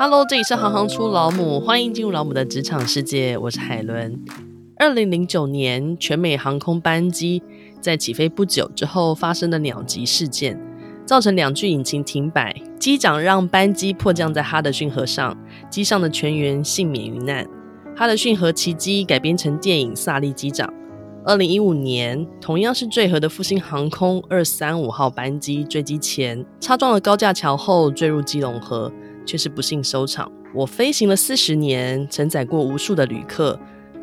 哈嘍，這裡是行行出老母，歡迎進入老母的職場世界。我是海倫。二零零九年，全美航空班機在起飛不久之後發生的鳥擊事件，造成兩具引擎停擺，機長讓班機迫降在哈德遜河上，機上的全員倖免於難。哈德遜河奇蹟改編成電影《薩利機長》。二零一五年，同樣是墜河的復興航空二三五號班機，墜機前擦撞了高架橋後墜入基隆河。卻是不幸收場。我飛行了四十年，承載過無數的旅客，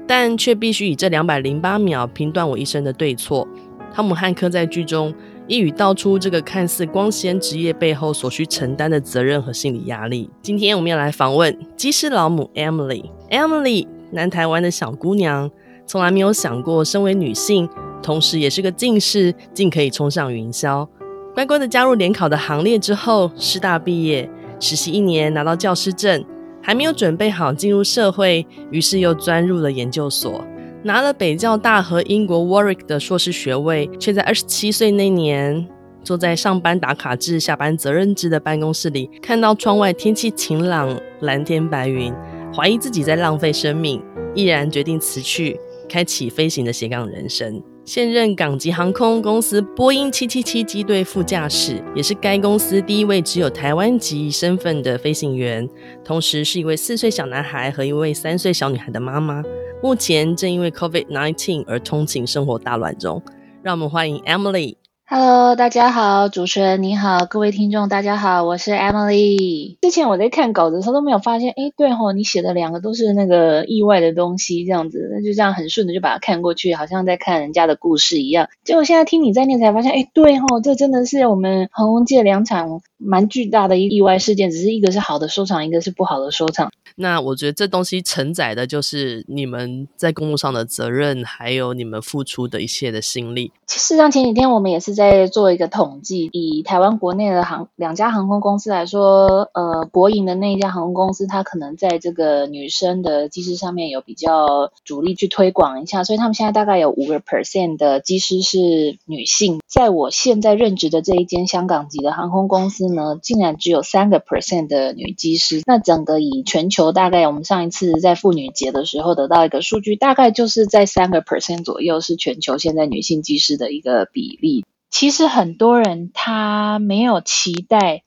但卻必須以這兩百零八秒評斷我一生的對錯。湯姆漢克在劇中一語道出這個看似光鮮職業背後所需承擔的責任和心理壓力。今天我們要來訪問機師老母 Amelie。Amelie，南台灣的小姑娘，從來沒有想過身為女性，同時也是個近視，竟可以衝上雲霄。乖乖的加入聯考的行列之後，師大畢業。實習一年拿到教師證，還沒有準備好進入社會，於是又鑽入了研究所，拿了北教大和英國 Warwick 的碩士學位，卻在二十七歲那年，坐在上班打卡制、下班責任制的辦公室裡，看到窗外天氣晴朗、藍天白雲，懷疑自己在浪費生命，毅然決定辭去，開啟飛行的斜槓人生。現任港籍航空公司波音777機隊副駕駛，也是該公司第一位只有台灣籍身份的飛行員，同時是一位四歲小男孩和一位三歲小女孩的媽媽。目前正因為 COVID-19 而通勤生活大亂中，讓我們歡迎 Amelie。Hello，大家好，主持人你好，各位聽眾大家好，我是 Amelie。之前我在看稿子的時候都沒有發現，哎，對吼，你寫的兩個都是那個意外的東西，這樣子，就這樣很順的就把它看過去，好像在看人家的故事一樣。結果現在聽你在念才發現，哎，對吼，這真的是我們航空界兩場蠻巨大的一個意外事件，只是一個是好的收場，一個是不好的收場。那我覺得這東西承載的就是你們在公路上的責任，還有你們付出的一切的心力。事實上，前幾天我們也是在做一個統計，以台灣國內的航兩家航空公司來說，呃，國營的那一家航空公司，它可能在這個女生的機師上面有比較主力去推廣一下，所以他們現在大概有五個 percent 的機師是女性。在我現在任職的這一間香港籍的航空公司呢，竟然只有三個 percent 的女機師。那整個以全球大概，我們上一次在婦女節的時候得到一個數據，大概就是在三個 percent 左右，是全球現在女性機師的一個比例。其實很多人他沒有期待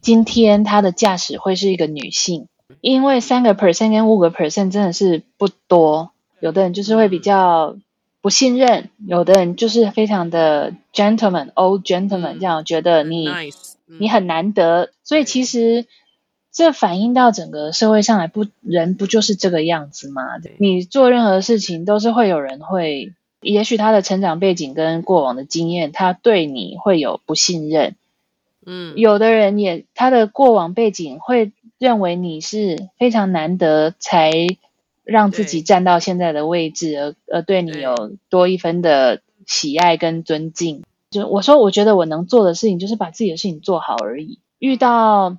今天他的駕駛會是一個女性，因為三個 percent 跟五個 percent 真的是不多。有的人就是會比較不信任，有的人就是非常的 gentleman old gentleman 這樣覺得你。你很難得、嗯，所以其實這反映到整個社會上來不，不人不就是這個樣子嗎？你做任何事情都是會有人會，也許他的成長背景跟過往的經驗，他對你會有不信任。嗯，有的人也他的過往背景會認為你是非常難得才讓自己站到現在的位置，而而對你有多一分的喜愛跟尊敬。我說，我覺得我能做的事情就是把自己的事情做好而已。遇到，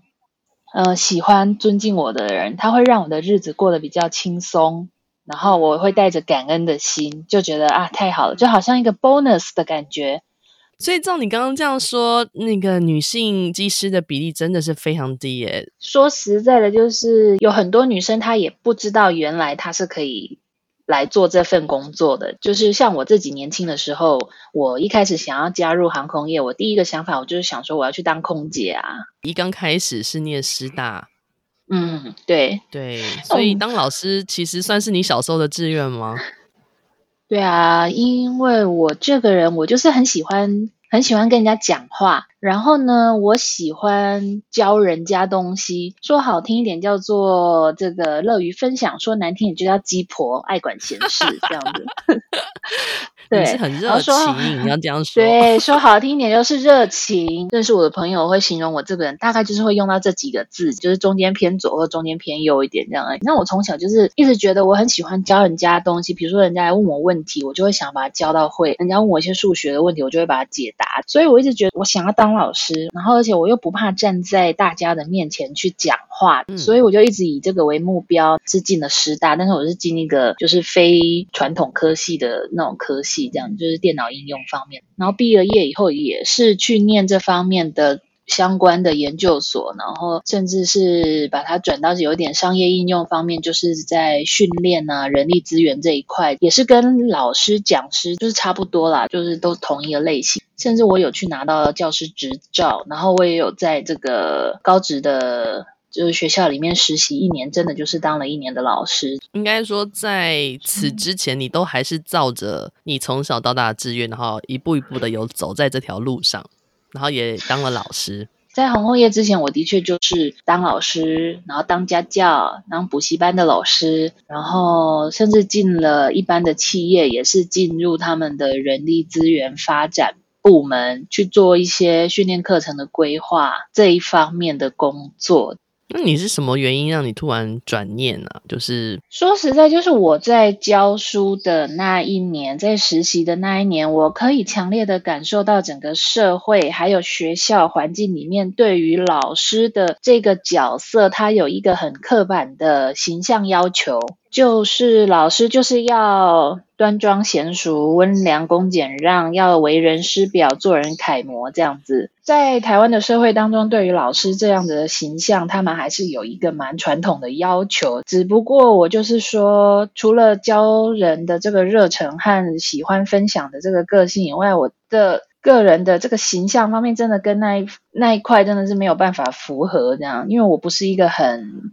呃，喜歡、尊敬我的人，他會讓我的日子過得比較輕鬆。然後我會帶着感恩的心，就覺得啊，太好了，就好像一個 bonus 的感覺。所以，照你剛剛這樣說，那個女性機師的比例真的是非常低誒、欸。說實在的，就是有很多女生她也不知道原來她是可以，來做這份工作的，就是像我自己年輕的時候，我一開始想要加入航空業，我第一個想法，我就是想說我要去當空姐啊。一剛開始是念師大，嗯，對對，所以當老師，嗯，其實算是你小時候的志願嗎？對啊，因為我這個人，我就是很喜歡。很喜歡跟人家講話，然後呢，我喜歡教人家東西，說好聽一點叫做這個樂於分享，說難聽點就叫雞婆，愛管閒事這樣子。 對，是很熱情然後，你要這樣說。對，說好聽一點就是熱情。 認識我的朋友會形容我這個人，大概就是會用到這幾個字，就是中間偏左，或中間偏右一點這樣而已。那我從小就是一直覺得我很喜歡教人家的東西，比如說人家來問我問題，我就會想把它教到會；人家問我一些數學的問題，我就會把它解答。所以我一直覺得我想要當老師，然後而且我又不怕站在大家的面前去講話，嗯。所以我就一直以這個為目標，是進了師大，但是我是進一個就是非傳統科系的那種科系。這樣就是電腦應用方面，然後畢了業，業以後也是去念這方面的相關的研究所，然後甚至是把它轉到有點商業應用方面，就是在訓練啊人力資源這一塊，也是跟老師講師就是差不多啦，就是都同一個類型。甚至我有去拿到教師執照，然後我也有在這個高職的，就是學校裡面實習一年，真的就是當了一年的老師。應該說，在此之前，你都還是照着你從小到大的志願，然後一步一步的有走在這條路上，然後也當了老師。在航空業之前，我的確就是當老師，然後當家教，當補習班的老師，然後甚至進了一般的企業，也是進入他們的人力資源發展部門，去做一些訓練課程的規劃，這一方面的工作。那、嗯、你是什麼原因讓你突然轉念呢、啊？就是說實在，就是我在教書的那一年，在實習的那一年，我可以強烈的感受到整個社會還有學校環境裡面對於老師的這個角色，他有一個很刻板的形象要求。就是老師就是要端莊賢淑、溫良恭儉讓，要為人師表、做人楷模這樣子。在台灣的社會當中，對於老師這樣子的形象，他們還是有一個蠻傳統的要求。只不過我就是說，除了教人的這個熱忱和喜歡分享的這個個性以外，我的個人的這個形象方面，真的跟那一那一塊真的是沒有辦法符合這樣，因為我不是一個很，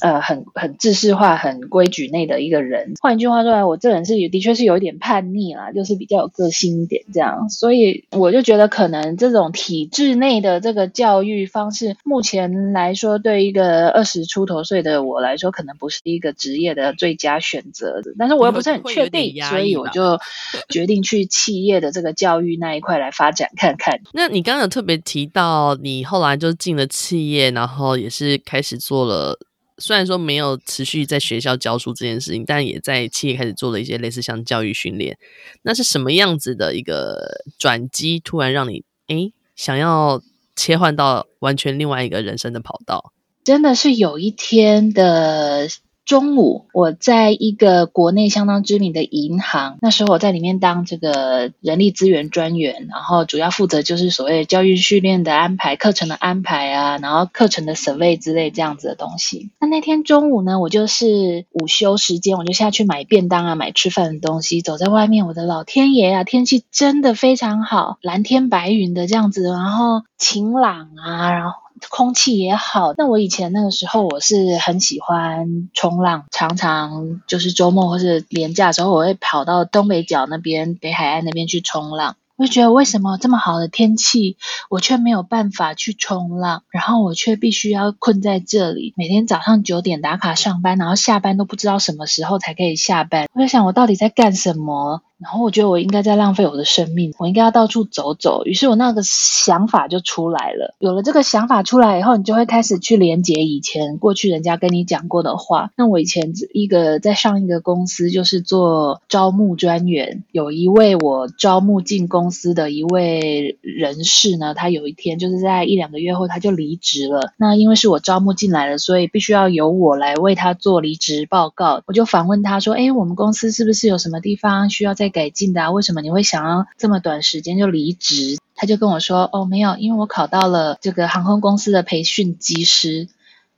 呃，很很制式化、很規矩內的一個人。換一句話說來，我這人是的確是有一點叛逆啦，就是比較有個性一點這樣。所以我就覺得，可能這種體制內的這個教育方式，目前來說，對一個二十出頭歲的我來說，可能不是一個職業的最佳選擇的。但是我又不是很確定，所以我就決定去企業的這個教育那一塊來發展看看。 那你剛剛有特別提到，你後來就進了企業，然後也是開始做了。雖然說沒有持續在學校教書這件事情，但也在企業開始做了一些類似像教育訓練。那是什麼樣子的一個轉機，突然讓你哎、欸、想要切換到完全另外一個人生的跑道？真的是有一天的。中午，我在一個國內相當知名的銀行，那時候我在裡面當這個人力資源專員，然後主要負責就是所謂的教育訓練的安排、課程的安排啊，然後課程的 survey 之類這樣子的東西。那那天中午呢，我就是午休時間，我就下去買便當啊，買吃飯的東西。走在外面，我的老天爺啊，天氣真的非常好，藍天白雲的這樣子，然後晴朗啊，然後。空氣也好，那我以前那個時候我是很喜歡衝浪，常常就是週末或是連假的時候，我會跑到東北角那邊、北海岸那邊去衝浪。我就覺得為什麼這麼好的天氣，我卻沒有辦法去衝浪，然後我卻必須要困在這裡，每天早上九點打卡上班，然後下班都不知道什麼時候才可以下班。我就想，我到底在幹什麼？然後我覺得我應該在浪費我的生命，我應該要到處走走。於是我那個想法就出來了。有了這個想法出來以後，你就會開始去連結以前過去人家跟你講過的話。那我以前一個在上一個公司就是做招募專員，有一位我招募進公司的一位人士呢，他有一天就是在一兩個月後他就離職了。那因為是我招募進來的，所以必須要由我來為他做離職報告。我就反問他說：“哎，我們公司是不是有什麼地方需要再？”改進的啊？為什麼你會想要這麼短時間就離職？他就跟我說，哦，沒有，因為我考到了這個航空公司的培訓機師。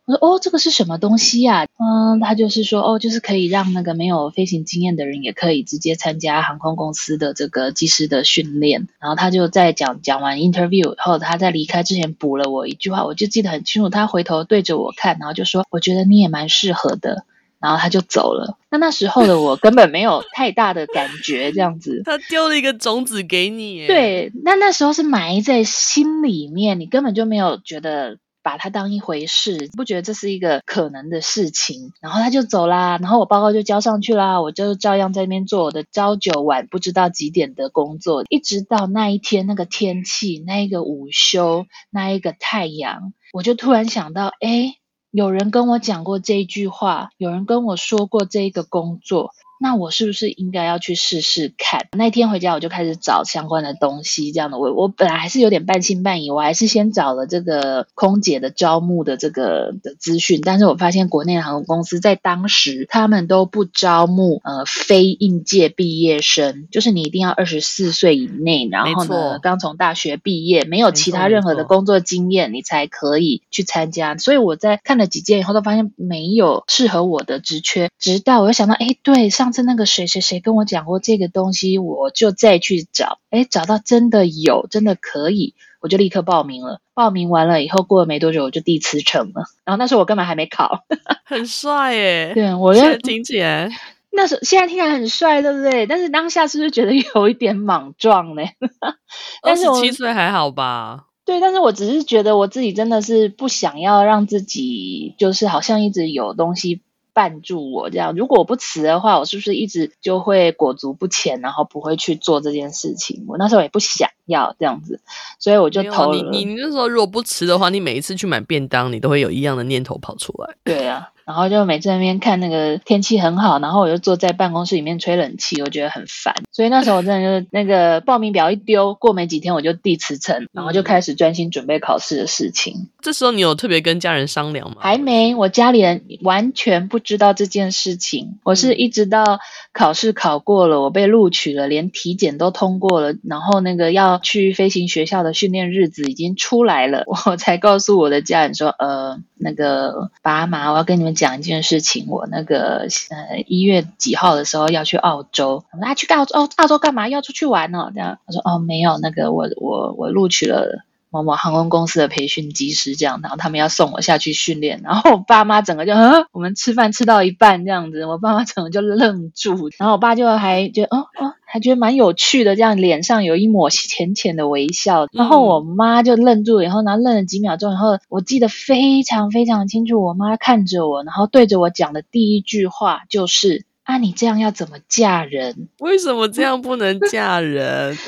我說，哦，這個是什麼東西呀？嗯，他就是說，哦，就是可以讓那個沒有飛行經驗的人也可以直接參加航空公司的這個機師的訓練。然後他就在講講完 interview 後，他在離開之前補了我一句話，我就記得很清楚。他回頭對着我看，然後就說，我覺得你也蠻適合的。然後他就走了。那那時候的我根本沒有太大的感覺，這樣子。他丟了一個種子給你。對，那那時候是埋在心裡面，你根本就沒有覺得把它當一回事，不覺得這是一個可能的事情。然後他就走啦。然後我報告就交上去啦。我就照樣在那邊做我的朝九晚不知道幾點的工作，一直到那一天那個天氣，那一個午休，那一個太陽，我就突然想到，哎。有人跟我講過這一句話，有人跟我說過這一個工作。那我是不是應該要去試試看？那一天回家我就開始找相關的東西，這樣的。我我本來還是有點半信半疑，我還是先找了這個空姐的招募的這個的資訊，但是我發現國內航空公司在當時他們都不招募呃非應屆畢業生，就是你一定要二十四歲以內，然後呢剛從大學畢業，沒有其他任何的工作經驗，你才可以去參加。所以我在看了幾件以後，都發現沒有適合我的職缺，直到我又想到，哎，對，上。是那個誰誰誰跟我講過這個東西，我就再去找，哎，找到真的有，真的可以，我就立刻報名了。報名完了以後，過了沒多久，我就遞辭呈了。然後那時候我根本還沒考，很帥耶！ 對，我聽起來那時候現在聽起來很帥，對不對？但是當下是不是覺得有一點莽撞呢？ 但是我二十七歲還好吧？對，但是我只是覺得我自己真的是不想要讓自己，就是好像一直有東西。絆住我，這樣，如果我不辭的話，我是不是一直就會裹足不前，然後不會去做這件事情？我那時候也不想。要這樣子，所以我就投。你你，你那時候如果不辭的話，你每一次去買便當，你都會有一樣的念頭跑出來。對啊，然後就每次那邊看那個天氣很好，然後我就坐在辦公室裡面吹冷氣，我覺得很煩。所以那時候我真的就是那個報名表一丟 過沒幾天，我就遞辭呈，然後就開始專心準備考試的事情，嗯。這時候你有特別跟家人商量嗎？還沒，我家裡人完全不知道這件事情。我是一直到考試考過了，嗯、我被錄取了，連體檢都通過了，然後那個要。去飛行學校的訓練日子已經出來了，我才告訴我的家人說：“呃，那個爸媽，我要跟你們講一件事情。我那個呃一月幾號的時候要去澳洲。那去澳洲澳洲幹嘛？要出去玩呢，哦？”這樣他說：“哦，沒有，那個我我我錄取了。”某某航空公司的培訓機師這樣，然後他們要送我下去訓練，然後我爸媽整個就呵，我們吃飯吃到一半這樣子，我爸媽整個就愣住，然後我爸就還覺得，哦哦，還覺得蠻有趣的，這樣臉上有一抹淺淺的微笑，然後我媽就愣住以後，然後呢愣了幾秒鐘以後，然後我記得非常非常清楚，我媽看着我，然後對着我講的第一句話就是，啊你這樣要怎麼嫁人？為什麼這樣不能嫁人？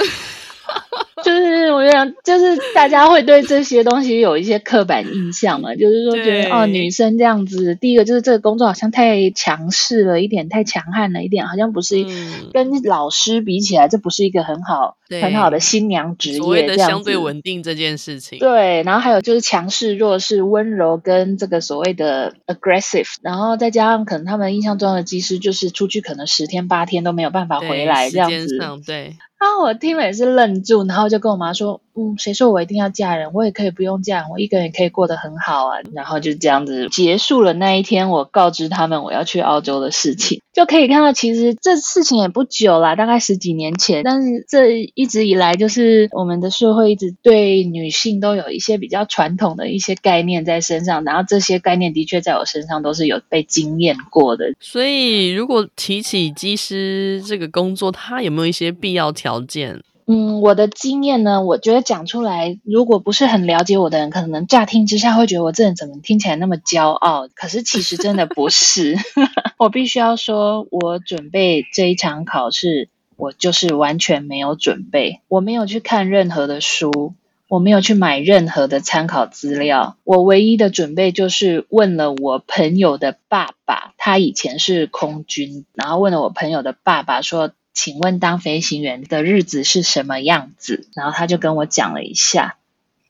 我覺得，就是大家會對這些東西有一些刻板印象嘛，就是說覺得哦，女生這樣子，第一個就是這個工作好像太強勢了一點，太強悍了一點，好像不是、嗯、跟老師比起來，這不是一個很好很好的新娘職業這樣子，所謂的相對穩定這件事情。對，然後還有就是強勢、弱勢、溫柔，跟這個所謂的 aggressive，然後再加上可能他們印象中的機師就是出去可能十天八天都沒有辦法回來這樣子，對。啊！我聽了也是愣住，然後就跟我媽說。嗯，誰說我一定要嫁人？我也可以不用嫁人，我一個人也可以過得很好啊。然後就這樣子結束了那一天，我告知他們我要去澳洲的事情，就可以看到其實這事情也不久啦，大概十幾年前。但是這一直以來就是我們的社會一直對女性都有一些比較傳統的一些概念在身上，然後這些概念的確在我身上都是有被經驗過的。所以，如果提起，起機師這個工作，它有沒有一些必要條件？嗯，我的經驗呢，我覺得講出來，如果不是很了解我的人，可能乍聽之下會覺得我這人怎麼聽起來那麼驕傲。可是其實真的不是， 我必須要說，我準備這一場考試，我就是完全沒有準備，我沒有去看任何的書，我沒有去買任何的參考資料，我唯一的準備就是問了我朋友的爸爸，他以前是空軍，然後問了我朋友的爸爸說。請問當飛行員的日子是什麼樣子？然後他就跟我講了一下，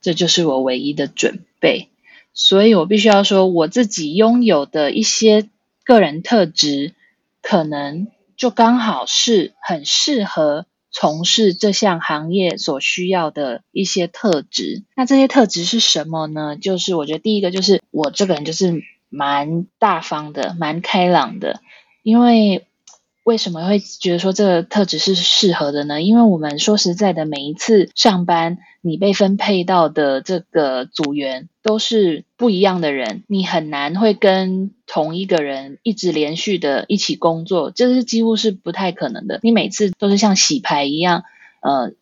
這就是我唯一的準備。所以我必須要說我自己擁有的一些個人特質，可能就剛好是很適合從事這項行業所需要的一些特質。那這些特質是什麼呢？就是我覺得第一個就是我這個人就是蠻大方的，蠻開朗的，因為。為什麼會覺得說這個特質是適合的呢？因為我們說實在的，每一次上班，你被分配到的這個組員都是不一樣的人，你很難會跟同一個人一直連續的一起工作，這是幾乎是不太可能的。你每次都是像洗牌一樣，呃。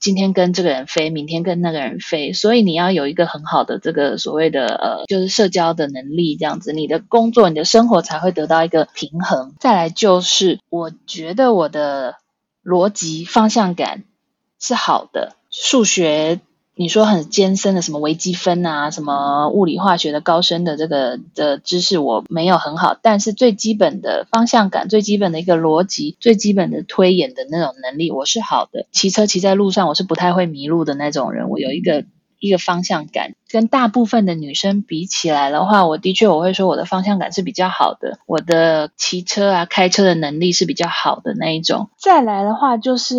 今天跟這個人飛，明天跟那個人飛，所以你要有一個很好的這個所謂的呃，就是社交的能力，這樣子，你的工作、你的生活才會得到一個平衡。再來就是，我覺得我的邏輯、方向感是好的，數學。你說很艱深的什麼微積分啊，什麼物理化學的高深的這個的知識，我沒有很好。但是最基本的方向感，最基本的一個邏輯，最基本的推演的那種能力，我是好的。騎車騎在路上，我是不太會迷路的那種人，我有一個。一個方向感，跟大部分的女生比起來的話，我的確我會說我的方向感是比較好的，我的騎車啊、開車的能力是比較好的那一種。再來的話就是，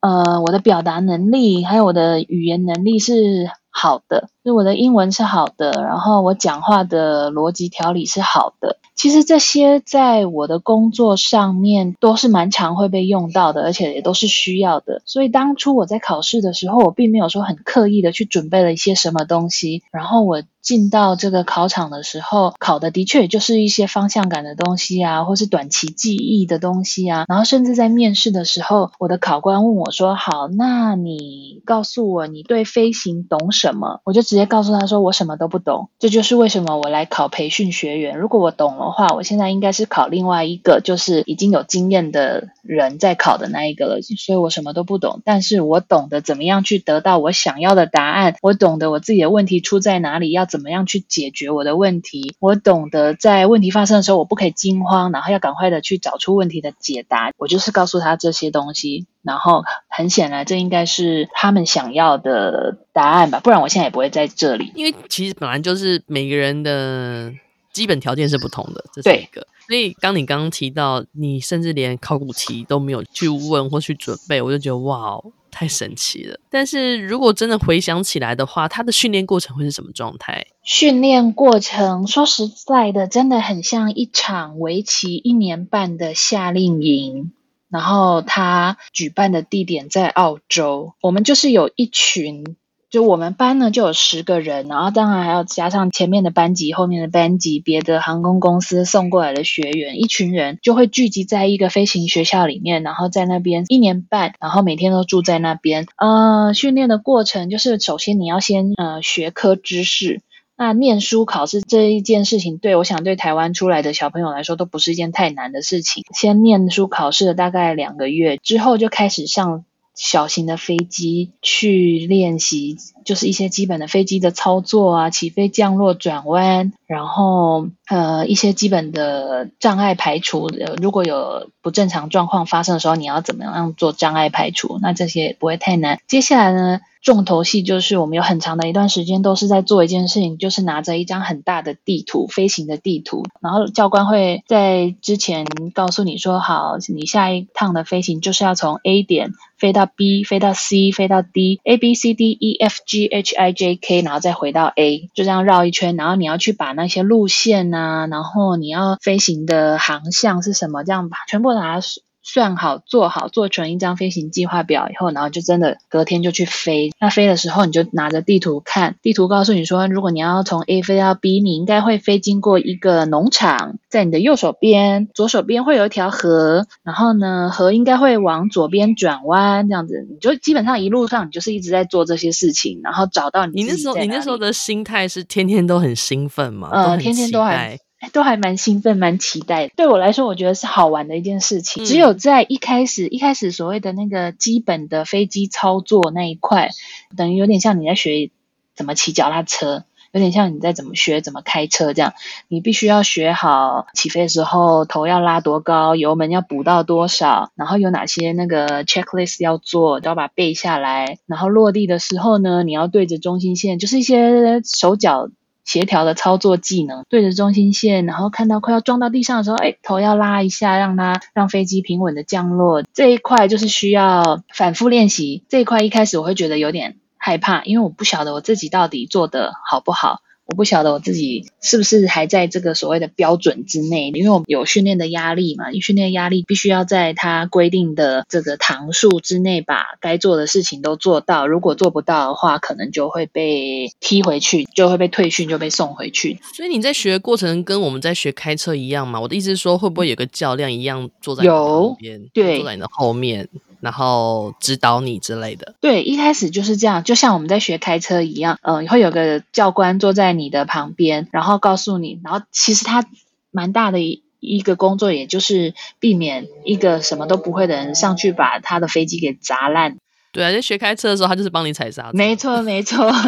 呃，我的表達能力還有我的語言能力是好的。所以我的英文是好的，然後我講話的邏輯條理是好的。其實這些在我的工作上面都是蠻常會被用到的，而且也都是需要的。所以當初我在考試的時候，我並沒有說很刻意的去準備了一些什麼東西。然後我進到這個考場的時候，考的的確也就是一些方向感的東西啊，或是短期記憶的東西啊。然後甚至在面試的時候，我的考官問我說：“好，那你告訴我你對飛行懂什麼？”我就只。直接告訴他說，我什麼都不懂，這就是為什麼我來考培訓學員。如果我懂的話，我現在應該是考另外一個，就是已經有經驗的人在考的那一個了。所以我什麼都不懂，但是我懂得怎麼樣去得到我想要的答案，我懂得我自己的問題出在哪裡，要怎麼樣去解決我的問題，我懂得在問題發生的時候我不可以驚慌，然後要趕快的去找出問題的解答。我就是告訴他這些東西。然後很顯然，這應該是他們想要的答案吧？不然我現在也不會在這裡。因為其實本來就是每個人的基本條件是不同的，這是一個。所以剛你剛剛提到，你甚至連考古題都沒有去問或去準備，我就覺得哇哦，太神奇了。但是如果真的回想起來的話，他的訓練過程會是什麼狀態？訓練過程說實在的，真的很像一場為期一年半的夏令營。然後他舉辦的地點在澳洲，我們就是有一群，就我們班呢就有十個人，然後當然還要加上前面的班級、後面的班級、別的航空公司送過來的學員，一群人就會聚集在一個飛行學校裡面，然後在那邊一年半，然後每天都住在那邊。呃，訓練的過程就是首先你要先呃學科知識。那念書考試這一件事情，對我想對台灣出來的小朋友來說，都不是一件太難的事情。先念書考試了大概兩個月之後，就開始上小型的飛機去練習，就是一些基本的飛機的操作啊，起飛、降落、轉彎，然後呃一些基本的障礙排除，如果有，不正常狀況發生的時候，你要怎麼樣做障礙排除？那這些也不會太難。接下來呢，重頭戲就是我們有很長的一段時間都是在做一件事情，就是拿着一張很大的地圖，飛行的地圖。然後教官會在之前告訴你說，好，你下一趟的飛行就是要從 A 點飛到 B，飛到 C，飛到 D，A B C D E F G H I J K，然後再回到 A，就這樣繞一圈。然後你要去把那些路線啊，然後你要飛行的航向是什麼？這樣吧，全部。把它算好、做好，做成一張飛行計劃表以後，然後就真的隔天就去飛。那飛的時候，你就拿着地圖看，地圖告訴你說，如果你要從 A 飛到 B，你應該會飛經過一個農場，在你的右手邊、左手邊會有一條河，然後呢，河應該會往左邊轉彎，這樣子，你就基本上一路上你就是一直在做這些事情，然後找到你。你那時候，你那時候的心態是天天都很興奮嗎？嗯，天天都還。都還蠻興奮，蠻期待。對我來說，我覺得是好玩的一件事情。嗯。只有在一開始，一開始所謂的那個基本的飛機操作那一塊，等於有點像你在學怎麼騎腳踏車，有點像你在怎麼學怎麼開車這樣。你必須要學好起飛的時候頭要拉多高，油門要補到多少，然後有哪些那個 checklist 要做，都要把它背下來。然後落地的時候呢，你要對着中心線，就是一些手腳協調的操作技能，對着中心線，然後看到快要撞到地上的時候，哎，頭要拉一下，讓它讓飛機平穩的降落。這一塊就是需要反覆練習。這一塊一開始我會覺得有點害怕，因為我不曉得我自己到底做得好不好。我不曉得我自己是不是還在這個所謂的標準之內，因為我們有訓練的壓力嘛。因為訓練壓力必須要在它規定的這個堂數之內，把該做的事情都做到。如果做不到的話，可能就會被踢回去，就會被退訓，就被送回去。所以你在學過程跟我們在學開車一樣嗎？我的意思是說，會不會有個教練一樣坐在你的旁邊，對，坐在你的後面？然後指導你之類的，對，一開始就是這樣，就像我們在學開車一樣，嗯、呃，會有個教官坐在你的旁邊，然後告訴你，然後其實他蠻大的一一個工作，也就是避免一個什麼都不會的人上去把他的飛機給砸爛。對啊，在學開車的時候，他就是幫你踩剎車。沒錯，沒錯。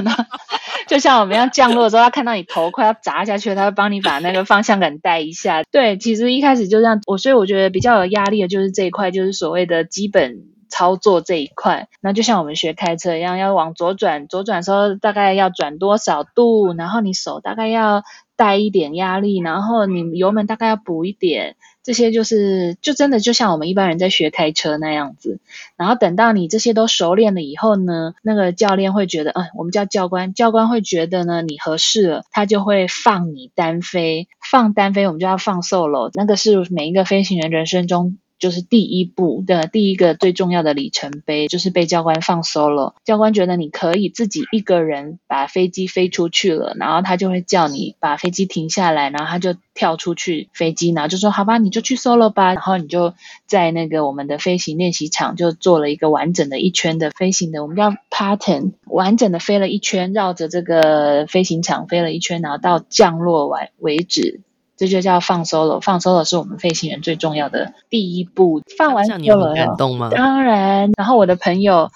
就像我們要降落的時候，他看到你頭快要砸下去了，他會幫你把那個方向感帶一下。對，其實一開始就這樣，我所以我覺得比較有壓力的就是這一塊，就是所謂的基本操作這一塊。那就像我們學開車一樣，要往左轉，左轉的時候大概要轉多少度，然後你手大概要帶一點壓力，然後你油門大概要補一點。這些就是就真的就像我們一般人在學開車那樣子，然後等到你這些都熟練了以後呢，那個教練會覺得，嗯，我們叫教官，教官會覺得呢，你合適了，他就會放你單飛，放單飛我們就要放 solo，那個是每一個飛行員人生中。就是第一步的第一個最重要的里程碑，就是被教官放 solo。教官覺得你可以自己一個人把飛機飛出去了，然後他就會叫你把飛機停下來，然後他就跳出去飛機，然後就說：“好吧，你就去 solo 吧。”然後你就在那個我們的飛行練習場就做了一個完整的一圈的飛行的，我們叫 pattern，完整的飛了一圈，繞着這個飛行場飛了一圈，然後到降落完為止。這就叫放 solo，放 solo 是我們飛行員最重要的第一步。放完 solo, 你會很感動嗎？當然，然後我的朋友，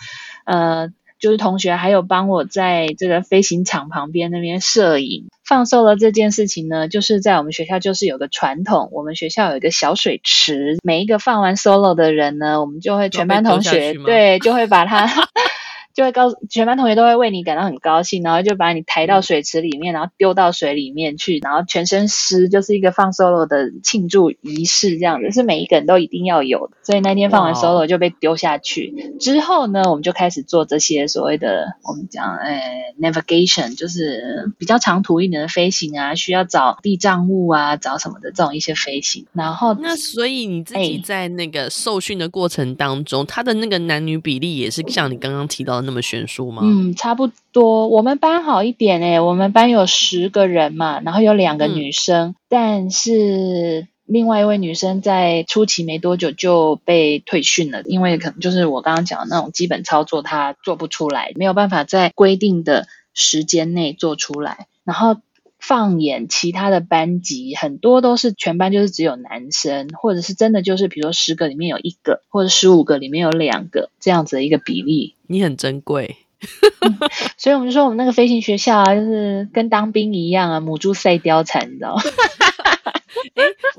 呃，就是同學，還有幫我在這個飛行場旁邊那邊攝影。放 solo 這件事情呢，就是在我們學校就是有個傳統，我們學校有一個小水池，每一個放完 solo 的人呢，我們就會全班同學對，就會把他。 就會告訴全班同學，都會為你感到很高興，然後就把你抬到水池裡面，然後丟到水裡面去，然後全身濕，就是一個放 solo 的慶祝儀式這樣子，是每一個人都一定要有的。所以那天放完 solo 就被丟下去，哦，之後呢，我們就開始做這些所謂的我們講呃、哎、navigation，就是比較長途一點的飛行啊，需要找地藏物啊，找什麼的這種一些飛行。然後那所以你自己在那個受訓的過程當中，哎、他的那個男女比例也是像你剛剛提到那麼懸殊嗎？嗯，差不多。我們班好一點欸，我們班有十個人嘛，然後有兩個女生、嗯，但是另外一位女生在初期沒多久就被退訓了，因為可能就是我剛剛講的那種基本操作她做不出來，沒有辦法在規定的時間內做出來，然後。放眼其他的班級，很多都是全班就是只有男生，或者是真的就是，比如說十個裡面有一個，或者十五個裡面有兩個這樣子的一個比例。你很珍貴 、嗯，所以我們就說我們那個飛行學校啊，就是跟當兵一樣啊，母豬賽貂蟬，你知道嗎。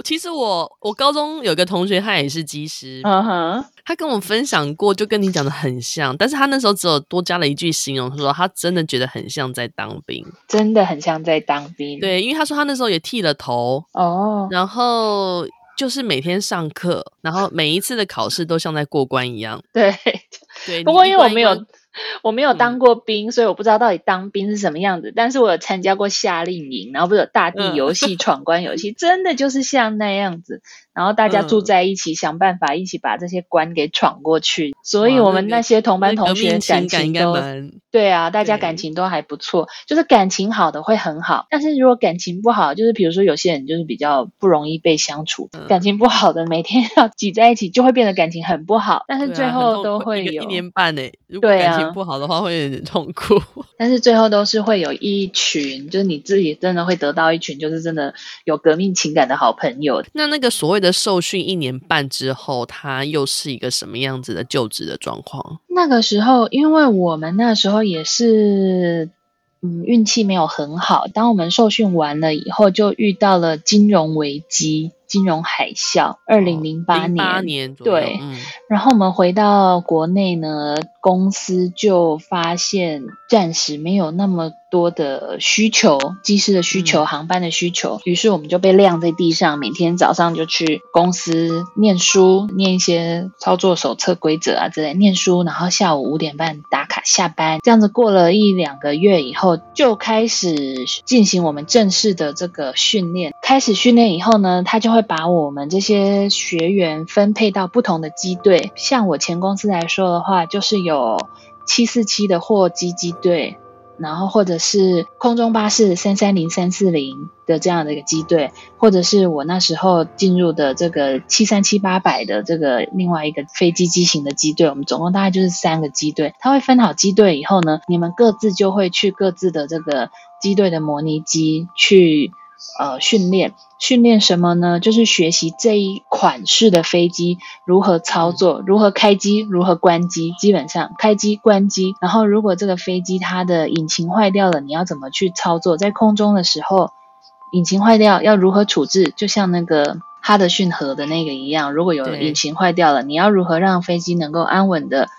其實我我高中有個同學，他也是機師，uh -huh. 他跟我分享過，就跟你講的很像，但是他那時候只有多加了一句形容，他說他真的覺得很像在當兵，真的很像在當兵，對，因為他說他那時候也剃了頭，哦、oh.，然後就是每天上課，然後每一次的考試都像在過關一樣， 對， 對，不過因為我沒有。我沒有當過兵，嗯，所以我不知道到底當兵是什麼樣子。但是，我有參加過夏令營，然後不是有大地遊戲、嗯、 闖關遊戲，真的就是像那樣子。然後大家住在一起、嗯，想辦法一起把這些關給闖過去。所以我們那些同班同學感情都、那個那個、革命情感都對啊，大家感情都還不錯。就是感情好的會很好，但是如果感情不好，就是比如說有些人就是比較不容易被相處，嗯、感情不好的每天要擠在一起，就會變得感情很不好。但是最後都會有、啊、會一,一年半呢。如果感情不好的話會，會有點痛苦。但是最後都是會有一群，就是你自己真的會得到一群，就是真的有革命情感的好朋友。那那個所謂。的受訓一年半之後，他又是一個什麼樣子的就職的狀況？那個時候，因為我們那時候也是，嗯，運氣沒有很好。當我們受訓完了以後，就遇到了金融危機。金融海嘯，二零零八年，哦、年對、嗯。然後我們回到國內呢，公司就發現暫時沒有那麼多的需求，機師的需求、嗯，航班的需求。於是我們就被晾在地上，每天早上就去公司念書，念一些操作手冊、規則啊之類。念書，然後下午五點半打卡。下班，這樣子過了一兩個月以後，就開始進行我們正式的這個訓練。開始訓練以後呢，他就會把我們這些學員分配到不同的機隊。像我前公司來說的話，就是有七四七的貨機機隊。然後，或者是空中巴士三三零三四零的這樣的一個機隊，或者是我那時候進入的這個七三七八百的這個另外一個飛機機型的機隊，我們總共大概就是三個機隊。它會分好機隊以後呢，你們各自就會去各自的這個機隊的模擬機去。呃，訓練訓練什麼呢？就是學習這一款式的飛機如何操作，如何開機，如何關機。基本上開機關機，然後如果這個飛機它的引擎壞掉了，你要怎麼去操作？在空中的時候，引擎壞掉要如何處置？就像那個哈德遜河的那個一樣，如果有引擎壞掉了，你要如何讓飛機能夠安穩的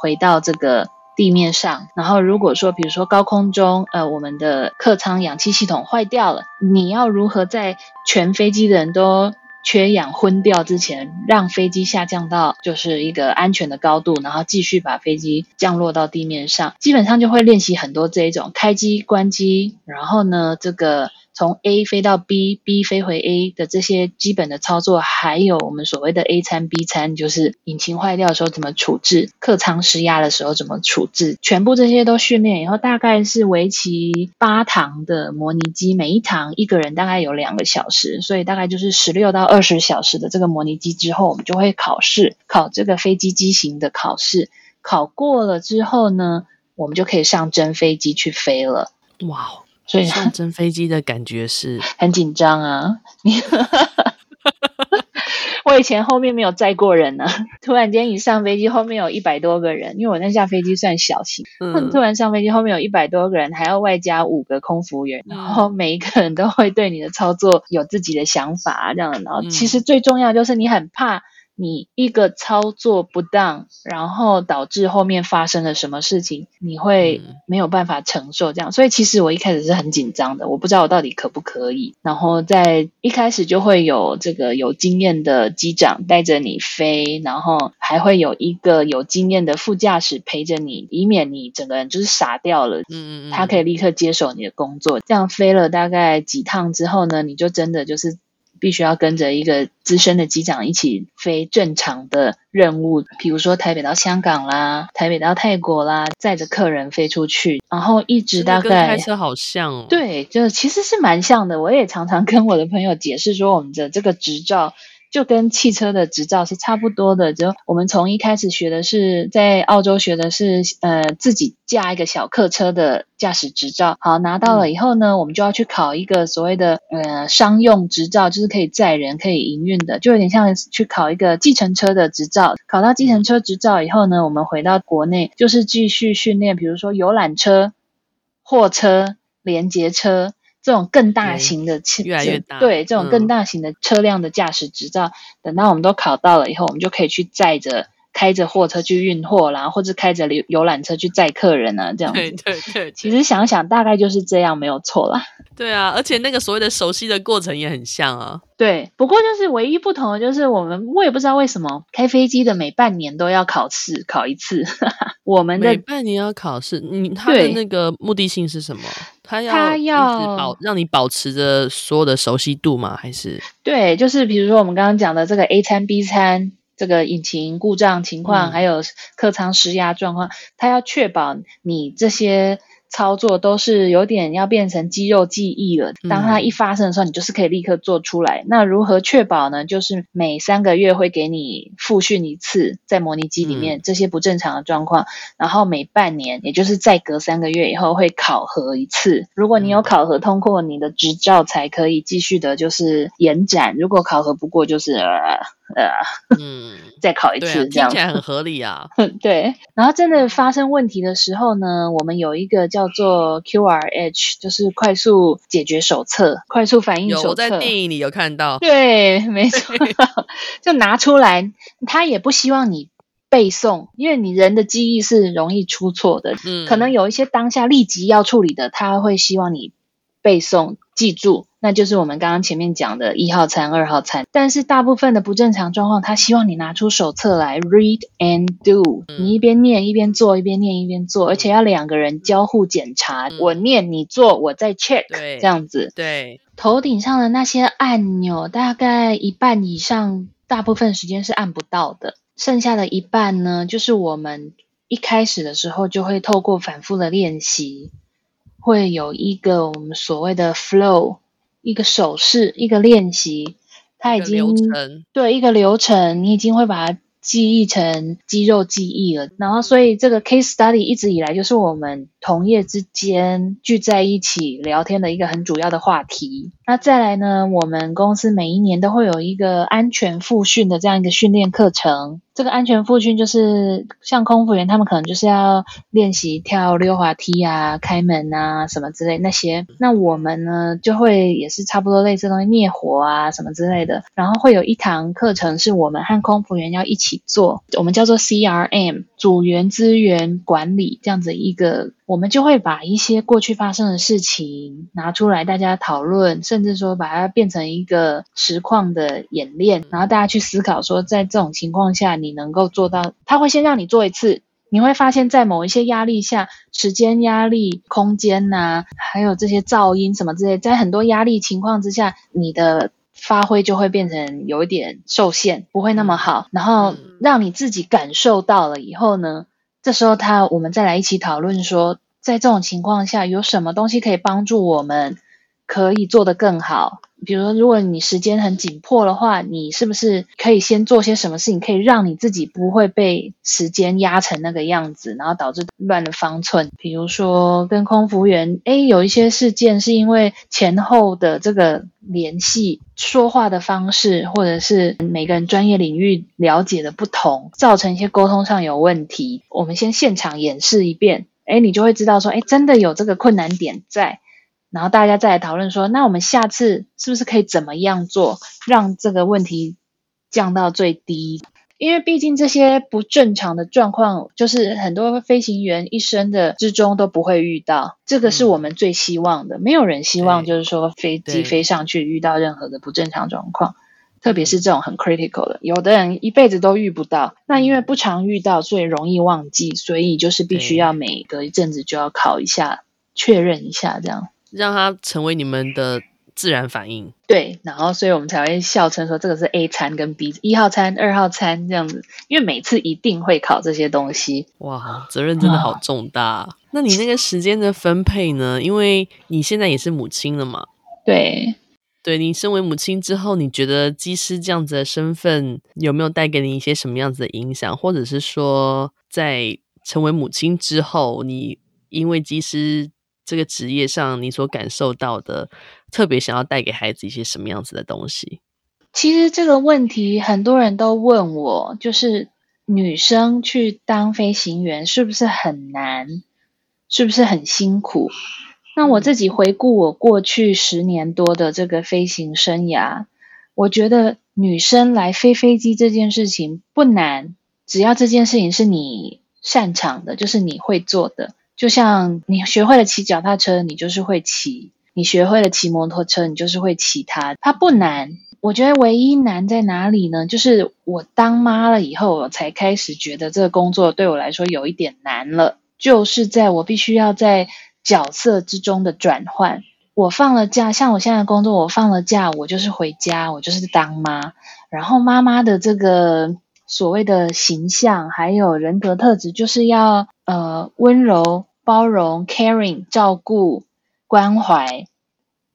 回到這個？地面上，然後如果說，比如說高空中，呃，我們的客艙氧氣系統壞掉了，你要如何在全飛機的人都缺氧昏掉之前，讓飛機下降到就是一個安全的高度，然後繼續把飛機降落到地面上，基本上就會練習很多這一種開機、關機，然後呢，這個。從 A 飛到 B，B 飛回 A 的這些基本的操作，還有我們所謂的 A 餐 B 餐，就是引擎壞掉的時候怎麼處置，客艙失壓的時候怎麼處置，全部這些都訓練以後，大概是為期八堂的模擬機，每一堂一個人大概有兩個小時，所以大概就是十六到二十小時的這個模擬機之後，我們就會考試，考這個飛機機型的考試，考過了之後呢，我們就可以上真飛機去飛了。哇。所以上真飛機的感覺是很緊張啊！ 我以前後面沒有載過人呢，啊，突然間你上飛機後面有一百多個人，因為我那架飛機算小型，突、嗯、突然上飛機後面有一百多個人，還要外加五個空服務員，然後每一個人都會對你的操作有自己的想法，這樣，然後其實最重要就是你很怕。你一個操作不當，然後導致後面發生了什麼事情，你會沒有辦法承受這樣。所以其實我一開始是很緊張的，我不知道我到底可不可以。然後在一開始就會有這個有經驗的機長帶着你飛，然後還會有一個有經驗的副駕駛陪着你，以免你整個人就是傻掉了。嗯嗯，他可以立刻接手你的工作。這樣飛了大概幾趟之後呢，你就真的就是。必須要跟着一個資深的機長一起飛正常的任務，比如說台北到香港啦，台北到泰國啦，載着客人飛出去，然後一直大概。跟開車好像哦。對，就是其實是蠻像的。我也常常跟我的朋友解釋說，我們的這個執照。就跟汽車的執照是差不多的，就我們從一開始學的是在澳洲學的是呃自己駕一個小客車的駕駛執照，好，拿到了以後呢，我們就要去考一個所謂的呃商用執照，就是可以載人、可以營運的，就有點像去考一個計程車的執照。考到計程車執照以後呢，我們回到國內就是繼續訓練，比如說遊覽車、貨車、連結車。這種，嗯、越來越大，這種更大型的車的，對，這種更大型的車輛的駕駛執照，等到我們都考到了以後，我們就可以去載着開着貨車去運貨啦，或者開着遊遊覽車去載客人啊，這樣子。對對對，對，其實想想大概就是這樣，沒有錯啦。對啊，而且那個所謂的熟悉的過程也很像啊。對，不過就是唯一不同的就是我們，我也不知道為什麼開飛機的每半年都要考試考一次， 我們的每半年要考試，你、嗯、他的那個目的性是什麼？他要一直保他要讓你保持着所有的熟悉度嗎？還是對，就是比如說我們剛剛講的這個 A 餐 B 餐，這個引擎故障情況，嗯，還有客艙失壓狀況，他要確保你這些。操作都是有點要變成肌肉記憶了、嗯。當它一發生的時候，你就是可以立刻做出來。那如何確保呢？就是每三個月會給你複訓一次，在模擬機裡面、嗯、這些不正常的狀況。然後每半年，也就是再隔三個月以後會考核一次。如果你有考核、嗯、通過，你的執照才可以繼續的，就是延展。如果考核不過，就是呃呃。嗯再考一次，啊、這樣聽起來很合理啊。對，然後真的發生問題的時候呢，我們有一個叫做 QRH，就是快速解決手冊、快速反應手冊。有，我在電影裡有看到，對，沒錯， 就拿出來。他也不希望你背誦，因為你人的記憶是容易出錯的，嗯，可能有一些當下立即要處理的，他會希望你背誦。記住，那就是我們剛剛前面講的一號餐、二號餐。但是大部分的不正常狀況，他希望你拿出手冊來 read and do。嗯。你一邊念一邊做，一邊念一邊做，嗯，而且要兩個人交互檢查。嗯，我念你做，我再 check。對，這樣子。對，頭頂上的那些按鈕，大概一半以上，大部分時間是按不到的。剩下的一半呢，就是我們一開始的時候就會透過反覆的練習，會有一個我們所謂的 flow，一個手勢，一個練習，它已經，對，一個流程，流程你已經會把它記憶成肌肉記憶了。然後，所以這個 case study 一直以來就是我們同業之間聚在一起聊天的一個很主要的話題。那再來呢，我們公司每一年都會有一個安全復訓的這樣一個訓練課程。這個安全復訓就是像空服員，他們可能就是要練習跳溜滑梯啊、開門啊什麼之類那些。那我們呢，就會也是差不多類似東西，滅火啊什麼之類的。然後會有一堂課程是我們和空服員要一起做，我們叫做 CRM 組員資源管理這樣子一個。我們就會把一些過去發生的事情拿出來大家討論，甚至說把它變成一個實況的演練，然後大家去思考說，在這種情況下你能夠做到。它會先讓你做一次，你會發現在某一些壓力下，時間壓力、空間吶、啊，還有這些噪音什麼之類，在很多壓力情況之下，你的發揮就會變成有一點受限，不會那麼好。然後讓你自己感受到了以後呢？這時候他，他我們再來一起討論說，在這種情況下，有什麼東西可以幫助我們可以做得更好？比如說，如果你時間很緊迫的話，你是不是可以先做些什麼事情，可以讓你自己不會被時間壓成那個樣子，然後導致亂了方寸？比如說，跟空服員，誒，有一些事件是因為前後的這個聯繫。說話的方式，或者是每個人專業領域了解的不同，造成一些溝通上有問題。我們先現場演示一遍，誒，你就會知道說，誒，真的有這個困難點在。然後大家再來討論說，那我們下次是不是可以怎麼樣做，讓這個問題降到最低？因為畢竟這些不正常的狀況，就是很多飛行員一生的之中都不會遇到。這個是我們最希望的，嗯、沒有人希望就是說飛機飛上去遇到任何的不正常狀況，特別是這種很 critical 的，有的人一輩子都遇不到。那因為不常遇到，所以容易忘記，所以就是必須要每隔一陣子就要考一下，確認一下，這樣讓它成為你們的。自然反應。對，然後所以我們才會笑稱說這個是 A 餐跟 B 一號餐、二號餐這樣子，因為每次一定會考這些東西。哇，責任真的好重大。那你那個時間的分配呢？因為你現在也是母親了嘛？對，對，你身為母親之後，你覺得機師這樣子的身份有沒有帶給你一些什麼樣子的影響，或者是說，在成為母親之後，你因為機師這個職業上，你所感受到的？特別想要帶給孩子一些什麼樣子的東西？其實這個問題很多人都問我，就是女生去當飛行員是不是很難，是不是很辛苦？那我自己回顧我過去十年多的這個飛行生涯，我覺得女生來飛飛機這件事情不難，只要這件事情是你擅長的，就是你會做的。就像你學會了騎腳踏車，你就是會騎。你學會了騎摩托車，你就是會騎它，它不難。我覺得唯一難在哪裡呢？就是我當媽了以後，我才開始覺得這個工作對我來說有一點難了。就是在我必須要在角色之中的轉換。我放了假，像我現在的工作，我放了假，我就是回家，我就是當媽。然後媽媽的這個所謂的形象，還有人格特質，就是要呃溫柔、包容、caring、照顧。關懷，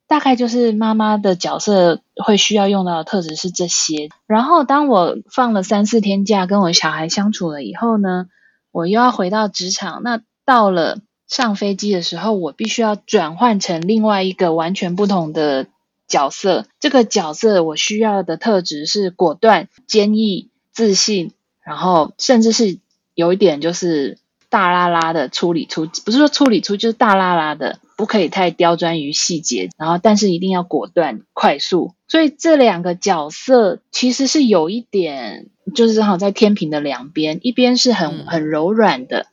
大概就是媽媽的角色會需要用到的特質是這些。然後，當我放了三四天假，跟我小孩相處了以後呢，我又要回到職場。那到了上飛機的時候，我必須要轉換成另外一個完全不同的角色。這個角色我需要的特質是果斷、堅毅、自信，然後甚至是有一點就是。大剌剌的處理出，不是說處理出，就是大剌剌的，不可以太刁鑽於細節，然後但是一定要果斷快速。所以這兩個角色其實是有一點，就是好像在天平的兩邊，一邊是很很柔軟的，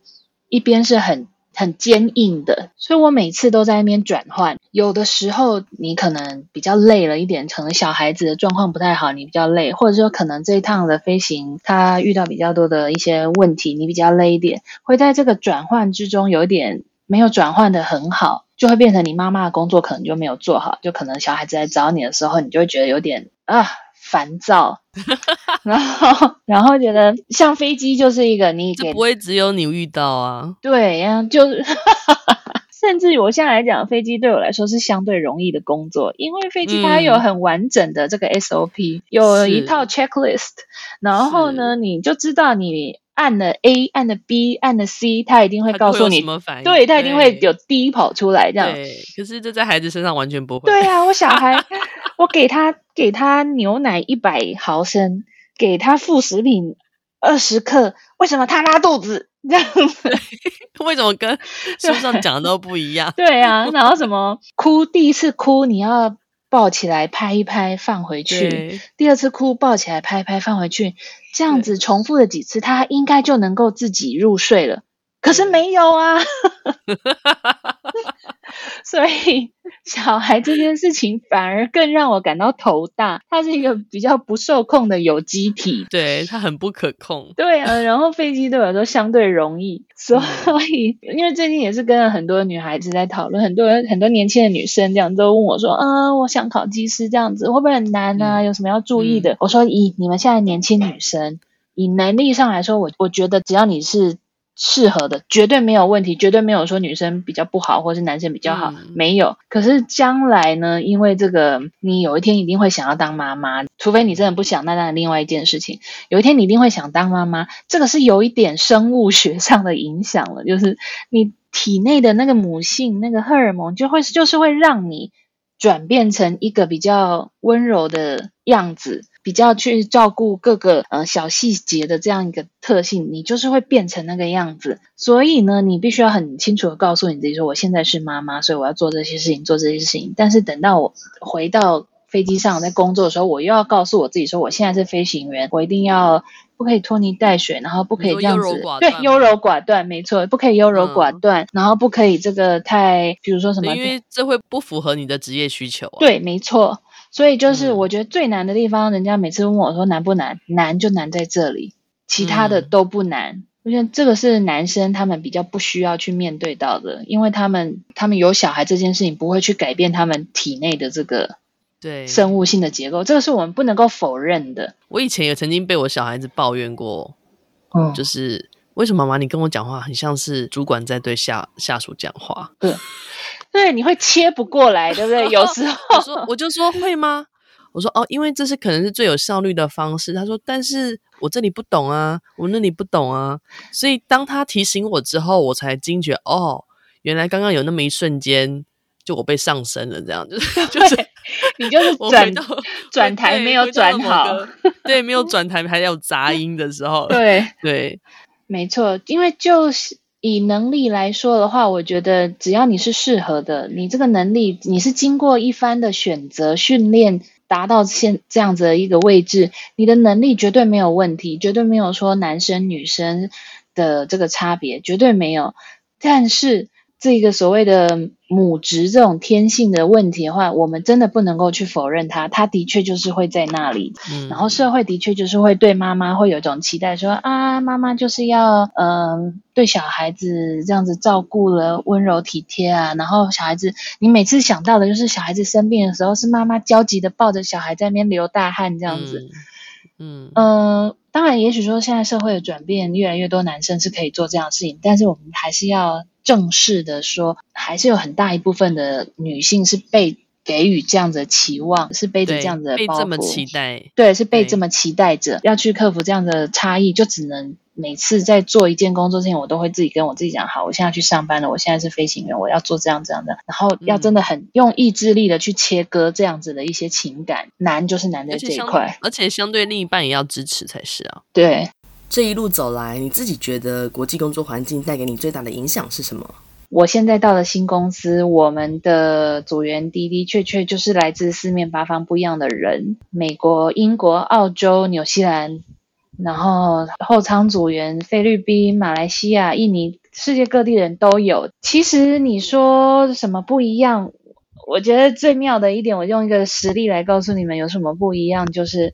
一邊是很。很堅硬的，所以我每次都在那邊轉換。有的時候你可能比較累了一點，可能小孩子的狀況不太好，你比較累，或者說可能這一趟的飛行它遇到比較多的一些問題，你比較累一點，會在這個轉換之中有點沒有轉換的很好，就會變成你媽媽的工作可能就沒有做好，就可能小孩子在找你的時候，你就會覺得有點啊。煩躁， 然後然後覺得像飛機就是一個你，也不會只有你遇到啊？對、啊，呀，就是， 甚至於我現在來講，飛機對我來說是相對容易的工作，因為飛機它有很完整的這個 SOP，嗯、有一套 checklist，然後呢，你就知道你，按了 A，按了 B，按了 C，他一定會告訴你，他什麼反應，對他一定會有 D 跑出來這樣子，可是這在孩子身上完全不會。對啊，我小孩， 我給他給他牛奶一百毫升，給他副食品二十克，為什麼他拉肚子這樣子？為什麼跟書上講的都不一樣？對，對啊，然後什麼哭，第一次哭你要抱起來拍一拍放回去，第二次哭抱起來拍一拍放回去。這樣子重複了幾次，他應該就能夠自己入睡了。可是沒有啊， 所以小孩這件事情反而更讓我感到頭大。他是一個比較不受控的有機體，對他很不可控。對啊，然後飛機對我來說相對容易，所以、嗯、因為最近也是跟了很多女孩子在討論，很多人很多年輕的女生這樣都問我說：“啊、嗯、我想考機師，這樣子會不會很難啊、嗯？有什麼要注意的？”嗯、我說：“以你們現在年輕女生，以能力上來說，我我覺得只要你是。”適合的絕對沒有問題，絕對沒有說女生比較不好或者是男生比較好，嗯，沒有。可是將來呢？因為這個，你有一天一定會想要當媽媽，除非你真的不想。那那另外一件事情，有一天你一定會想當媽媽，這個是有一點生物學上的影響了，就是你體內的那個母性那個荷爾蒙就會就是會讓你轉變成一個比較溫柔的樣子。比較去照顧各個呃小細節的這樣一個特性，你就是會變成那個樣子。所以呢，你必須要很清楚的告訴你自己說，我現在是媽媽，所以我要做這些事情，做這些事情。但是等到我回到飛機上在工作的時候，我又要告訴我自己說，我現在是飛行員，我一定要不可以拖泥帶水，然後不可以這樣子，對，優柔寡斷，沒錯，不可以優柔寡斷、嗯，然後不可以這個太，比如說什麼，因為這會不符合你的職業需求啊。對，沒錯。所以就是我覺得最難的地方，嗯，人家每次問我說難不難，難就難在這裡，其他的都不難。而，嗯、且這個是男生他們比較不需要去面對到的，因為他們他們有小孩這件事情不會去改變他們體內的這個對生物性的結構，這個是我們不能夠否認的。我以前也曾經被我小孩子抱怨過，嗯，就是為什麼媽媽你跟我講話很像是主管在對下下屬講話？對對，你會切不過來，對不對？哦、有時候我，我就說會嗎？我說哦，因為這是可能是最有效率的方式。他說，但是我這裡不懂啊，我那裡不懂啊，所以當他提醒我之後，我才驚覺哦，原來剛剛有那麼一瞬間，就我被上身了，這樣子，就是、 就是、你就是轉轉台沒有轉好，對， 沒有轉台還有雜音的時候，對對，對，沒錯，因為就是。以能力來說的話，我覺得只要你是適合的，你這個能力你是經過一番的選擇訓練，達到現這樣子的一個位置，你的能力絕對沒有問題，絕對沒有說男生女生的這個差別，絕對沒有。但是這個所謂的。母職這種天性的問題的話，我們真的不能夠去否認它，他的確就是會在那裡，嗯、然後社會的確就是會對媽媽會有一種期待說，說啊，媽媽就是要嗯、呃、對小孩子這樣子照顧了，溫柔體貼啊。然後小孩子，你每次想到的就是小孩子生病的時候，是媽媽焦急的抱着小孩在那邊流大汗這樣子。嗯嗯、呃，當然，也許說現在社會的轉變，越來越多男生是可以做這樣的事情，但是我們還是要。正式的說，還是有很大一部分的女性是被給予這樣子的期望，是背着這樣子的包袱，被這麼期待，對，是被這麼期待着要去克服這樣的差異，就只能每次在做一件工作之前，我都會自己跟我自己講，好，我現在去上班了，我現在是飛行員，我要做這樣這樣的，然後要真的很用意志力的去切割這樣子的一些情感，難就是難在這一塊而，而且相對另一半也要支持才是啊，對。這一路走來，你自己覺得國際工作環境帶給你最大的影響是什麼？我現在到了新公司，我們的組員的的確確就是來自四面八方不一樣的人：美國、英國、澳洲、紐西蘭，然後後艙組員菲律賓、馬來西亞、印尼，世界各地人都有。其實你說什麼不一樣，我覺得最妙的一點，我用一個實例來告訴你們有什麼不一樣，就是。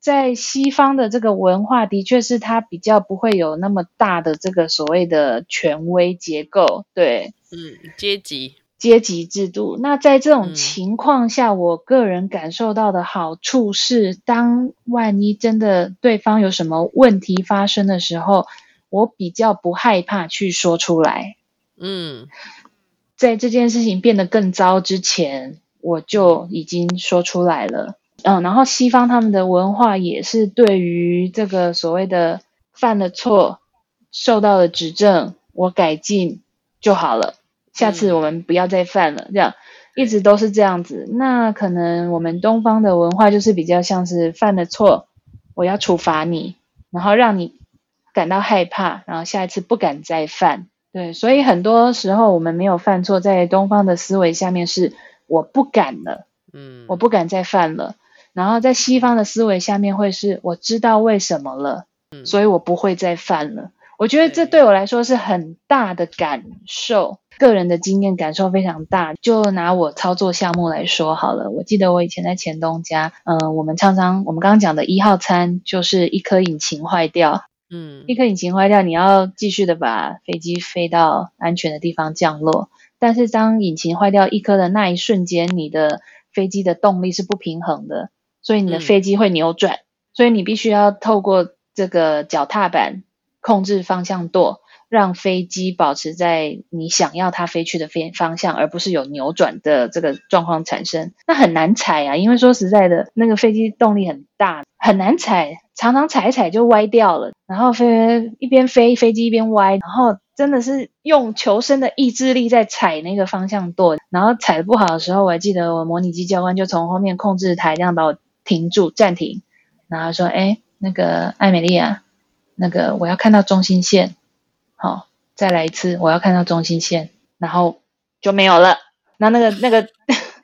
在西方的這個文化，的確是它比較不會有那麼大的這個所謂的權威結構，對，嗯，階級，階級制度。那在這種情況下，嗯，我個人感受到的好處是，當萬一真的對方有什麼問題發生的時候，我比較不害怕去說出來，嗯，在這件事情變得更糟之前，我就已經說出來了。嗯，然後西方他們的文化也是對於這個所謂的犯了錯，受到了指正，我改進就好了，下次我們不要再犯了，嗯、這樣一直都是這樣子。那可能我們東方的文化就是比較像是犯了錯，我要處罰你，然後讓你感到害怕，然後下一次不敢再犯。對，所以很多時候我們沒有犯錯，在東方的思維下面是我不敢了，嗯，我不敢再犯了。然後在西方的思維下面會是，我知道為什麼了，所以我不會再犯了。我覺得這對我來說是很大的感受，個人的經驗感受非常大。就拿我操作項目來說好了，我記得我以前在前東家，嗯、呃，我們常常我們剛剛講的一號餐就是一顆引擎壞掉，嗯，一顆引擎壞掉，你要繼續的把飛機飛到安全的地方降落。但是當引擎壞掉一顆的那一瞬間，你的飛機的動力是不平衡的。所以你的飛機會扭轉，嗯，所以你必須要透過這個腳踏板控制方向舵，讓飛機保持在你想要它飛去的飛方向，而不是有扭轉的這個狀況產生。那很難踩啊，因為說實在的，那個飛機動力很大，很難踩，常常踩一踩就歪掉了。然後飛一邊飛飛機一邊歪，然後真的是用求生的意志力在踩那個方向舵。然後踩不好的時候，我還記得我模擬機教官就從後面控制台這樣把我停住，暫停，然後說：“哎，那個艾美麗啊，那個我要看到中心線，好、哦，再來一次，我要看到中心線，然後就沒有了。那那個那個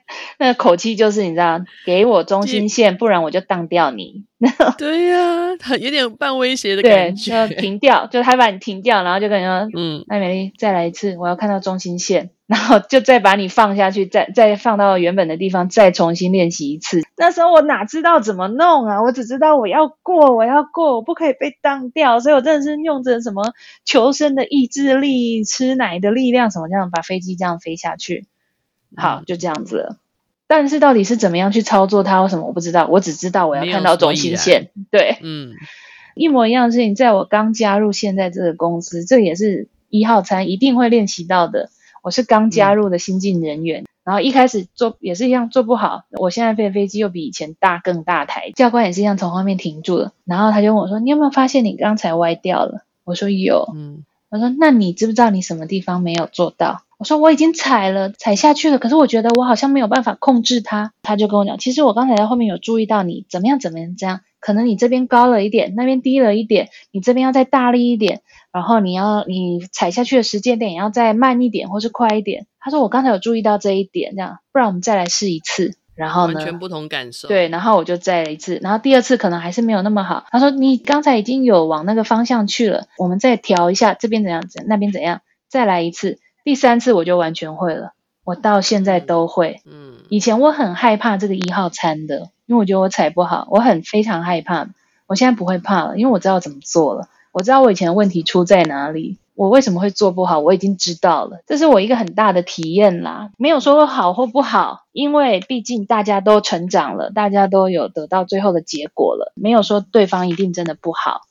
那個口氣就是，你知道，給我中心線，不然我就當掉你。 對啊”對呀，有點半威脅的感覺。對，就停掉，就他把你停掉，然後就跟你說：“嗯，艾美麗，再來一次，我要看到中心線。”然後就再把你放下去，再再放到原本的地方，再重新練習一次。那時候我哪知道怎麼弄啊？我只知道我要過，我要過，我不可以被當掉。所以我真的是用着什麼求生的意志力、吃奶的力量什麼這樣把飛機這樣飛下去。好，嗯、就這樣子了。但是到底是怎麼樣去操作它，為什麼我不知道，我只知道我要看到中心線、啊。對，嗯，一模一樣的事情，在我剛加入現在這個公司，這也是一號餐一定會練習到的。我是剛加入的新進人員，嗯，然後一開始做也是一樣做不好。我現在飛的飛機又比以前大更大台，教官也是一樣從後面停住了。然後他就問我說：“你有沒有發現你剛才歪掉了？”我說：“有。”嗯，我說：“那你知不知道你什麼地方沒有做到？”我說：“我已經踩了，踩下去了，可是我覺得我好像沒有辦法控制它。”他就跟我講：“其實我剛才在後面有注意到你怎麼樣怎麼樣這樣。”可能你這邊高了一點，那邊低了一點，你這邊要再大力一點，然後你要你踩下去的時間點也要再慢一點，或是快一點。他說我剛才有注意到這一點，這樣，不然我們再來試一次。然後呢，完全不同感受。對，然後我就再來一次，然後第二次可能還是沒有那麼好。他說你剛才已經有往那個方向去了，我們再調一下這邊怎樣子，那邊怎樣，再來一次。第三次我就完全會了，我到現在都會。嗯，嗯，以前我很害怕這個一號餐的。因為我覺得我踩不好，我很非常害怕。我現在不會怕了，因為我知道怎麼做了。我知道我以前的問題出在哪裡，我為什麼會做不好，我已經知道了。這是我一個很大的體驗啦，沒有說好或不好，因為畢竟大家都成長了，大家都有得到最後的結果了。沒有說對方一定真的不好，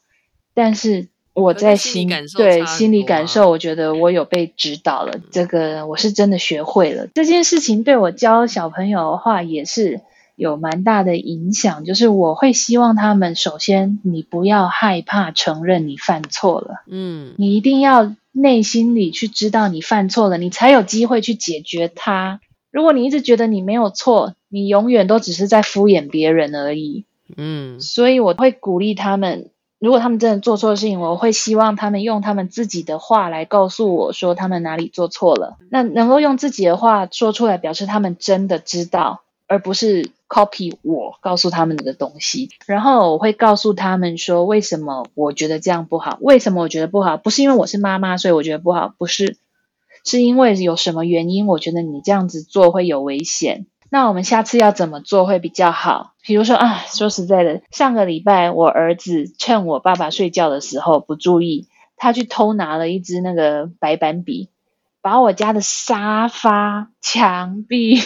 但是我在心，就是心理感受差很多啊。對，心理感受我覺得我有被指導了。這個我是真的學會了。這件事情對我教小朋友的話也是，有蠻大的影響，就是我會希望他們，首先你不要害怕承認你犯錯了，嗯，你一定要內心裡去知道你犯錯了，你才有機會去解決它。如果你一直覺得你沒有錯，你永遠都只是在敷衍別人而已，嗯。所以我會鼓勵他們，如果他們真的做錯的事情，我會希望他們用他們自己的話來告訴我說他們哪裡做錯了。那能夠用自己的話說出來，表示他們真的知道，而不是。copy 我告訴他們的東西，然後我會告訴他們說，為什麼我覺得這樣不好？為什麼我覺得不好？不是因為我是媽媽，所以我覺得不好，不是，是因為有什麼原因，我覺得你這樣子做會有危險。那我們下次要怎麼做會比較好？比如說啊，說實在的，上個禮拜我兒子趁我爸爸睡覺的時候不注意，他去偷拿了一支那個白板筆，把我家的沙發、牆壁。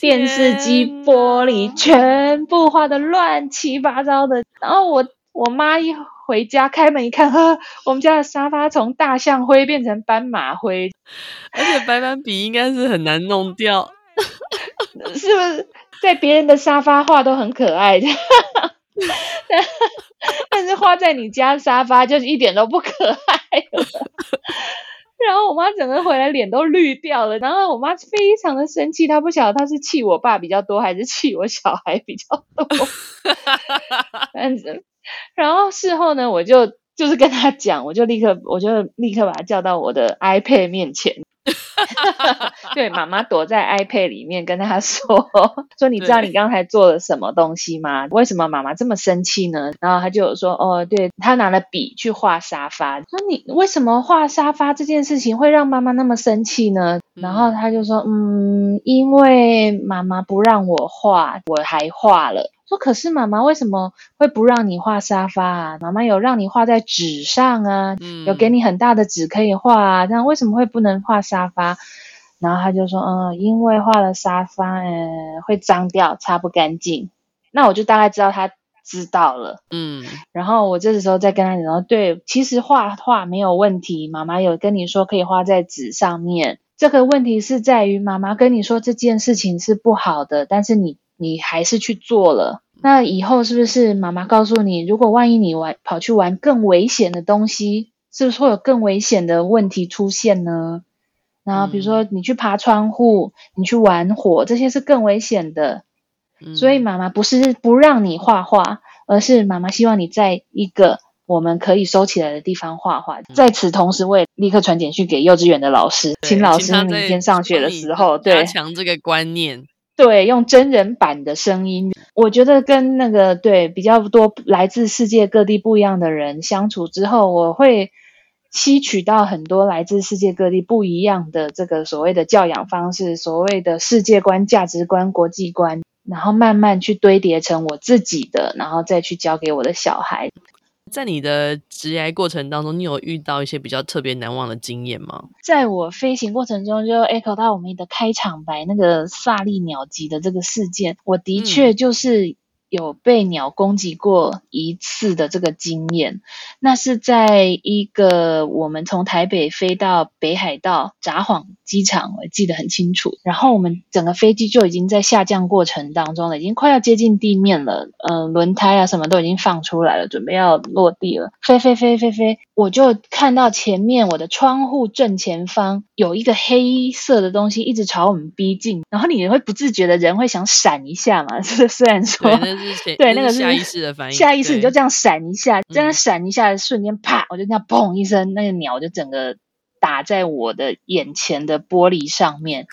電視機、玻璃全部畫得亂七八糟的，然後我我媽一回家開門一看，呵呵，我們家的沙發從大象灰變成斑馬灰，而且白板筆應該是很難弄掉， 是不是？在別人的沙發畫都很可愛， 但是畫在你家沙發就一點都不可愛了。然後我媽整個回來臉都綠掉了，然後我媽非常的生氣，她不曉得她是氣我爸比較多還是氣我小孩比較多。嗯， 但是，然後事後呢，我就就是跟她講，我就立刻我就立刻把她叫到我的 iPad 面前。 對，媽媽躲在 iPad 裡面跟他說：“說你知道你剛才做了什麼東西嗎？為什麼媽媽這麼生氣呢？”然後他就有說：“哦，對，他拿了筆去畫沙發。說你為什麼畫沙發這件事情會讓媽媽那麼生氣呢？”然後他就說：“嗯，因為媽媽不讓我畫，我還畫了。”說，可是媽媽為什麼會不讓你畫沙發啊？媽媽有讓你畫在紙上啊，嗯、有給你很大的紙可以畫啊，這樣為什麼會不能畫沙發？然後他就說，嗯、呃，因為畫了沙發，哎、欸，會髒掉，擦不乾淨。那我就大概知道他知道了，嗯。然後我這時候再跟他講說，對，其實畫畫沒有問題，媽媽有跟你說可以畫在紙上面。這個問題是在於媽媽跟你說這件事情是不好的，但是你。你還是去做了，那以後是不是媽媽告訴你，如果萬一你玩跑去玩更危險的東西，是不是會有更危險的問題出現呢？嗯、然後比如說你去爬窗戶，你去玩火，這些是更危險的、嗯。所以媽媽不是不讓你畫畫，而是媽媽希望你在一個我們可以收起來的地方畫畫。嗯、在此同時，我也立刻傳簡訊給幼稚園的老師，請老師明天上學的時候，對，加強這個觀念。對，用真人版的聲音，我覺得跟那個對比較多來自世界各地不一樣的人相處之後，我會吸取到很多來自世界各地不一樣的這個所謂的教養方式，所謂的世界觀、價值觀、國際觀，然後慢慢去堆疊成我自己的，然後再去教給我的小孩。在你的職涯過程當中，你有遇到一些比較特別難忘的經驗嗎？在我飛行過程中，就 echo 到我們的開場白那個薩利鳥擊的這個事件，我的確就是、嗯。有被鳥攻擊過一次的這個經驗，那是在一個我們從台北飛到北海道札幌機場，我記得很清楚。然後我們整個飛機就已經在下降過程當中了，已經快要接近地面了。嗯、呃，輪胎啊什麼都已經放出來了，準備要落地了。飛飛飛飛飛，我就看到前面我的窗戶正前方有一個黑色的東西一直朝我們逼近，然後你會不自覺的人會想閃一下嘛？是，雖然說。對，那個是下意識的反應，下意識你就這樣閃一下，真的閃一下，嗯，瞬間啪，我就這樣砰一聲，那個鳥就整個打在我的眼前的玻璃上面，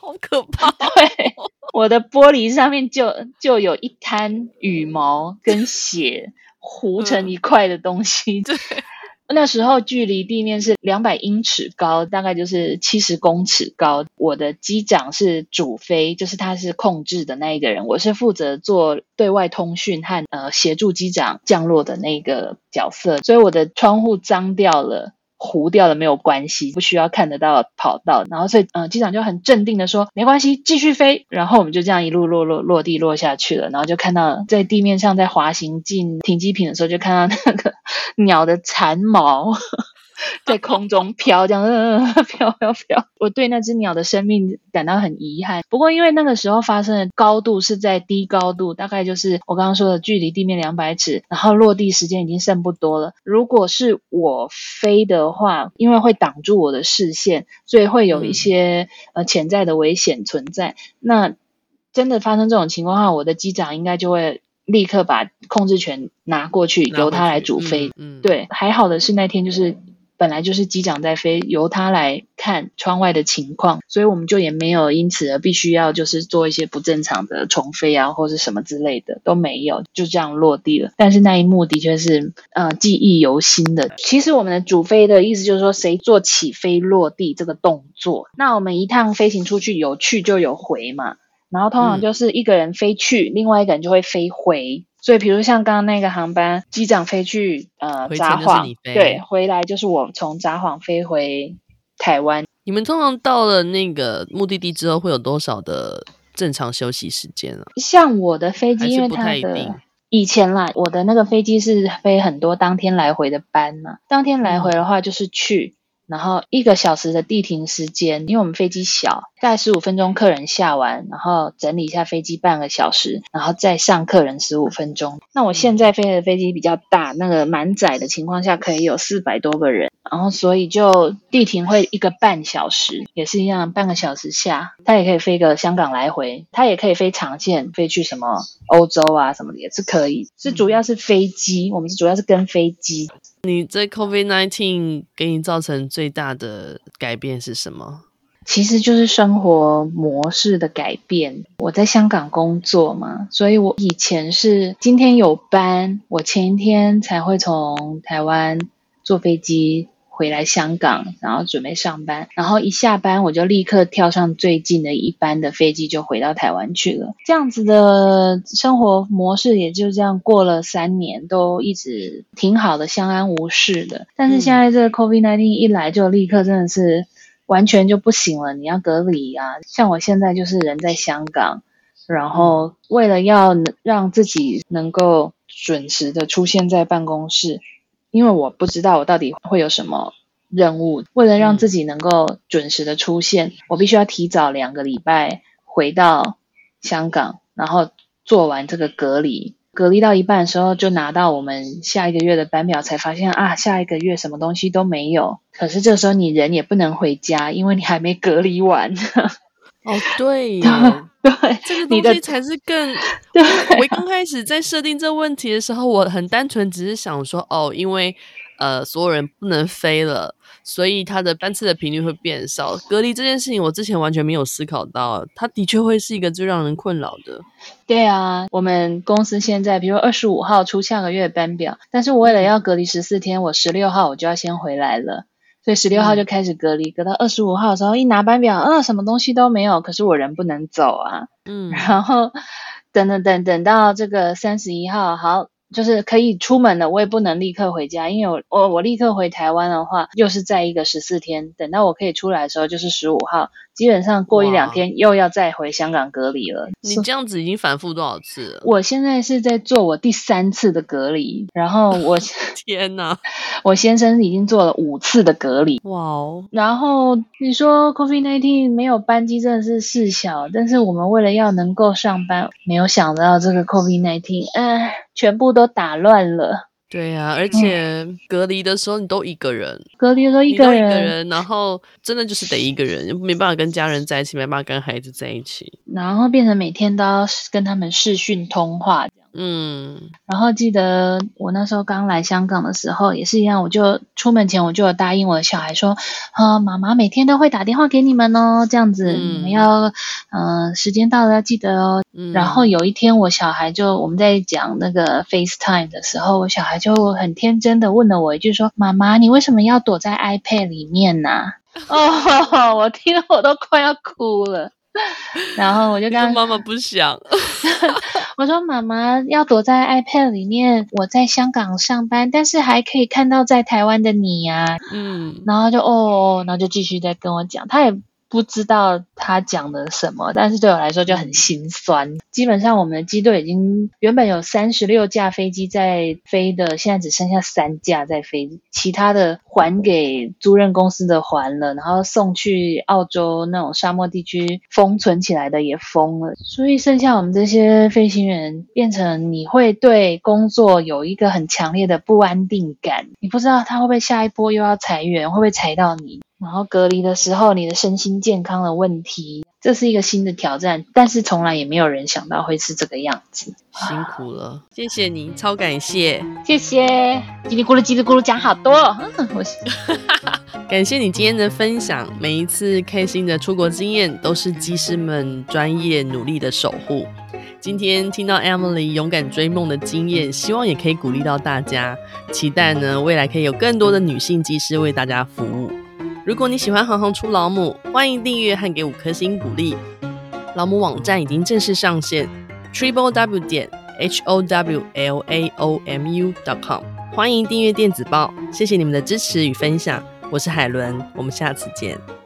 好可怕哦！ 對，我的玻璃上面就就有一灘羽毛跟血糊成一塊的東西。 對。那時候距離地面是兩百英尺高，大概就是七十公尺高。我的機長是主飛，就是他是控制的那一個人，我是負責做對外通訊和呃協助機長降落的那個角色。所以我的窗戶髒掉了、糊掉了沒有關係，不需要看得到跑道。然後所以嗯、呃，機長就很鎮定地說：“沒關係，繼續飛。”然後我們就這樣一路落落落地落下去了。然後就看到在地面上在滑行進停機坪的時候，就看到那個。鳥的殘毛 在空中飄，這樣飄飄飄。我對那隻鳥的生命感到很遺憾。不過因為那個時候發生的高度是在低高度，大概就是我剛剛說的距離地面兩百尺，然後落地時間已經剩不多了。如果是我飛的話，因為會擋住我的視線，所以會有一些呃潛在的危險存在。嗯。那真的發生這種情況的話，我的機長應該就會。立刻把控制權拿過去，去由他來主飛。嗯，嗯。對，還好的是那天就是本來就是機長在飛，由他來看窗外的情況，所以我們就也沒有因此而必須要就是做一些不正常的重飛啊，或者什麼之類的都沒有，就這樣落地了。但是那一幕的確是，呃，記憶猶新的。其實我們的主飛的意思就是說，誰做起飛、落地這個動作？那我們一趟飛行出去有去就有回嘛。然後通常就是一個人飛去，嗯，另外一個人就會飛回。所以，比如像剛剛那個航班，機長飛去呃札幌，對，回來就是我從札幌飛回台灣。你們通常到了那個目的地之後，會有多少的正常休息時間呢？啊？像我的飛機，不太一定，因為它的以前啦，我的那個飛機是飛很多當天來回的班嘛。當天來回的話，就是去。然後一個小時的地停時間，因為我們飛機小，大概十五分鐘客人下完，然後整理一下飛機半個小時，然後再上客人十五分鐘。那我現在飛的飛機比較大，那個滿載的情況下可以有四百多個人，然後所以就地停會一個半小時，也是一樣，半個小時下，它也可以飛個香港來回，它也可以飛長線，飛去什麼歐洲啊什麼的也是可以，是主要是飛機，我們是主要是跟飛機。你在 COVID-19 給你造成最大的改變是什麼？其實就是生活模式的改變。我在香港工作嘛，所以我以前是今天有班，我前一天才會從台灣坐飛機。回來香港，然後準備上班，然後一下班我就立刻跳上最近的一班的飛機，就回到台灣去了。這樣子的生活模式也就這樣過了三年，都一直挺好的，相安無事的。但是現在這個 COVID-19 一來，就立刻真的是完全就不行了。你要隔離啊！像我現在就是人在香港，然後為了要讓自己能夠準時的出現在辦公室。因為我不知道我到底會有什麼任務，為了讓自己能夠準時的出現，我必須要提早兩個禮拜回到香港，然後做完這個隔離。隔離到一半的時候，就拿到我們下一個月的班表，才發現啊，下一個月什麼東西都沒有。可是這時候你人也不能回家，因為你還沒隔離完。呵呵哦，對、啊， 對，這個東西才是更。對啊，我剛開始在設定這問題的時候，我很單純，只是想說，哦，因為呃，所有人不能飛了，所以他的班次的頻率會變少。隔離這件事情，我之前完全沒有思考到，他的確會是一個最讓人困擾的。對啊，我們公司現在，比如二十五號出下個月班表，但是我為了要隔離十四天，我十六號我就要先回來了。所以十六號就開始隔離，嗯、隔到二十五號的時候一拿班表，啊、哦，什麼東西都沒有，可是我人不能走啊，嗯，然後等等等等到這個三十一號，好，就是可以出門了，我也不能立刻回家，因為我我我立刻回台灣的話，又是在一個十四天，等到我可以出來的時候就是十五號。基本上過一兩天又要再回香港隔離了。你這樣子已經反覆多少次了？我現在是在做我第三次的隔離，然後我 天呐，我先生已經做了五次的隔離。哇哦！然後你說 COVID-19 沒有班機真的是事小，但是我們為了要能夠上班，沒有想到這個 COVID-19，哎、呃，全部都打亂了。對呀、啊，而且隔離的時候你都一個人，隔離的時候一個人，然後真的就是得一個人，沒辦法跟家人在一起，沒辦法跟孩子在一起，然後變成每天都要跟他們視訊通話。嗯，然後記得我那時候剛來香港的時候也是一樣，我就出門前我就有答應我小孩說，啊，媽媽每天都會打電話給你們哦，這樣子你們要，嗯，呃、時間到了要記得哦、嗯。然後有一天我小孩就我們在講那個 FaceTime 的時候，我小孩就很天真的問了我一句說，媽媽，你為什麼要躲在 iPad 裡面呢、啊？ 哦，我聽了我都快要哭了。 然後我就跟，跟媽媽不想。 我說媽媽要躲在 iPad 裡面，我在香港上班，但是還可以看到在台灣的你啊。嗯，然後就哦，哦，然後就繼續在跟我講，他也不知道他講的什麼，但是對我來說就很心酸。基本上我們的機隊已經原本有三十六架飛機在飛的，現在只剩下三架在飛，其他的。還給租賃公司的還了，然後送去澳洲那種沙漠地區封存起來的也封了，所以剩下我們這些飛行員，變成你會對工作有一個很強烈的不安定感，你不知道他會不會下一波又要裁員，會不會裁到你，然後隔離的時候你的身心健康的問題。這是一個新的挑戰，但是從來也沒有人想到會是這個樣子。辛苦了，謝謝你，超感謝，謝謝。嘰哩咕嚕，嘰哩咕嚕，講好多。我 感謝你今天的分享，每一次開心的出國經驗都是機師們專業努力的守護。今天聽到 Amelie 勇敢追夢的經驗，希望也可以鼓勵到大家。期待呢，未來可以有更多的女性機師為大家服務。如果你喜歡《行行出老母》，歡迎訂閱和給五顆星鼓勵。老母網站已經正式上線，triple w 點 h o w l a o m u. dot com。歡迎訂閱電子報，謝謝你們的支持與分享。我是海倫，我們下次見。